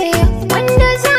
see you? When does